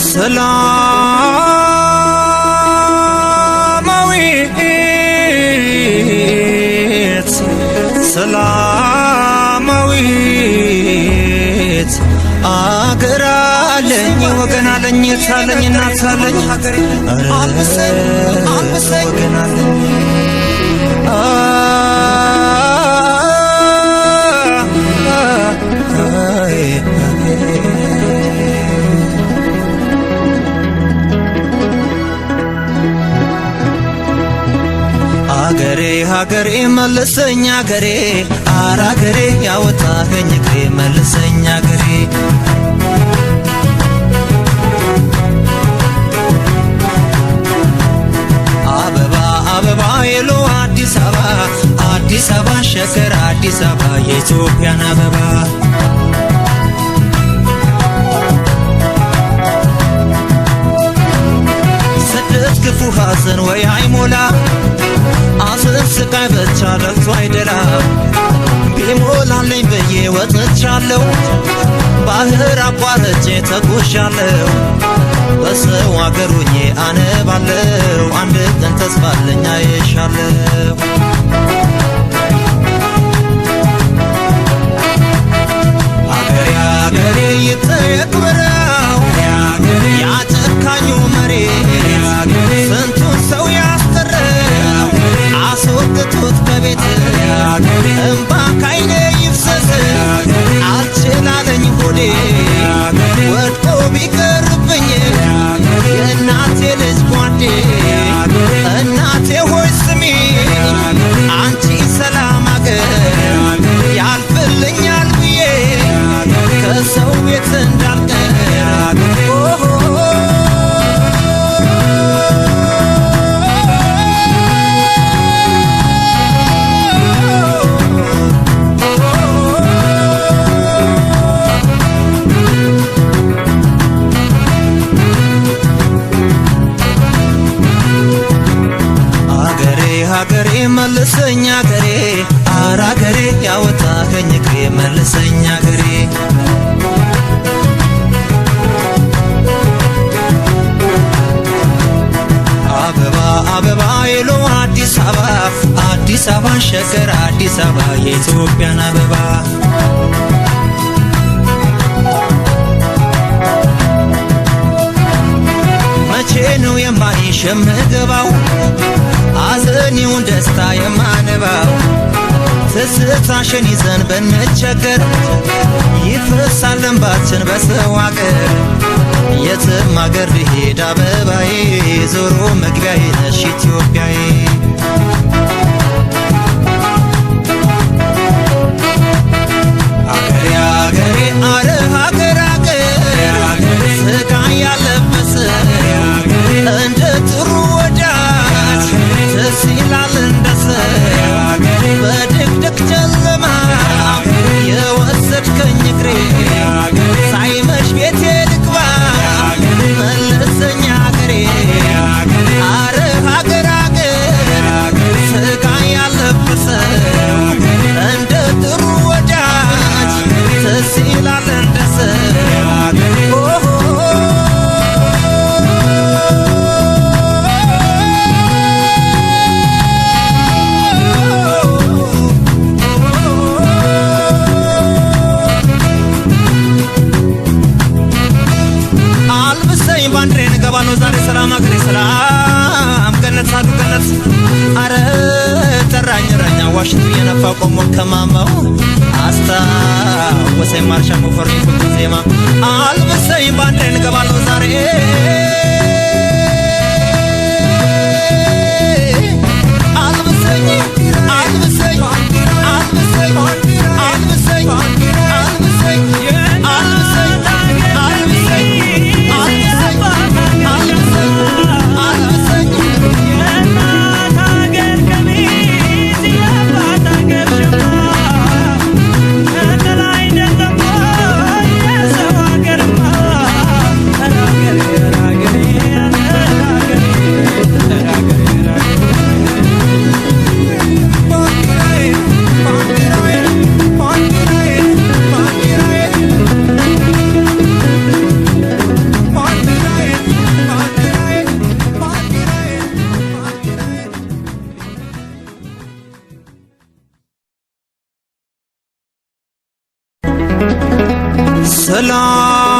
ሰላማዊት ሰላማዊት አገር አለኝ ወገን አለኝ ታለኝ እናት አለኝ ወገን አለኝ ሀገሬ መልሰኝ ገሬ አራ ሀገሬ ያወጣኸኝ እግሬ መልሰኝ ሀገሬ አበባ አበባ የሎ አዲስ አበባ አዲስ አበባ ሸገር አዲስ አበባ የኢትዮጵያን አበባ ስደት ክፉ ሀዘን ወይ አይሞላ ስቃይ ብቻ ደርሶ አይደለም ቢሞላልኝ ብዬ ወጥቻለሁ ባህር አቋርጬ ተጉሻለሁ በሰው አገር ሆኜ አነባለሁ አንድ ቀን ተስፋ አለኝ አገሬ አገሬ ይጠየቅ በራው መሬ እምባ ካይኔ ይፍሰስ አልችላለኝ ሆዴ ወድቆ ቢቀርብኝ የእናቴ ልጅ ጓዴ እናቴ ሆይ ስሚ አንቺ ሰላም አገር ያልፍልኛል ብዬ ከሰው ቤት እንዳ መልሰኛ አገሬ አራ ገሬ ያወጣኸኝ እግሬ መልሰኛ ገሬ አበባ አበባ የሎ አዲስ አበባ አዲስ አበባ ሸገር አዲስ አበባ የኢትዮጵያን አበባ ነው የማይሽ የምገባው አዘኔውን ደስታ የማነባው ትዝታሽን ይዘን ብንቸገር ይፈሳል እንባችን በሰው አገር የትም አገር ብሄድ አበባዬ ዞሮ መግቢያዬ ነሽ ኢትዮጵያዬ ባኖ ዛሬ ሰላም ሀገሬ ሰላም ገነት ሳዱ ገነት አረ ጠራኝ ረኛ ዋሽቱ የነፋ ቆሞ ከማማው አስታወሰኝ ማርሻ ሙፈሪ ዜማ አልብሰኝ ባንዴ ልገባ ዛሬ ሰላም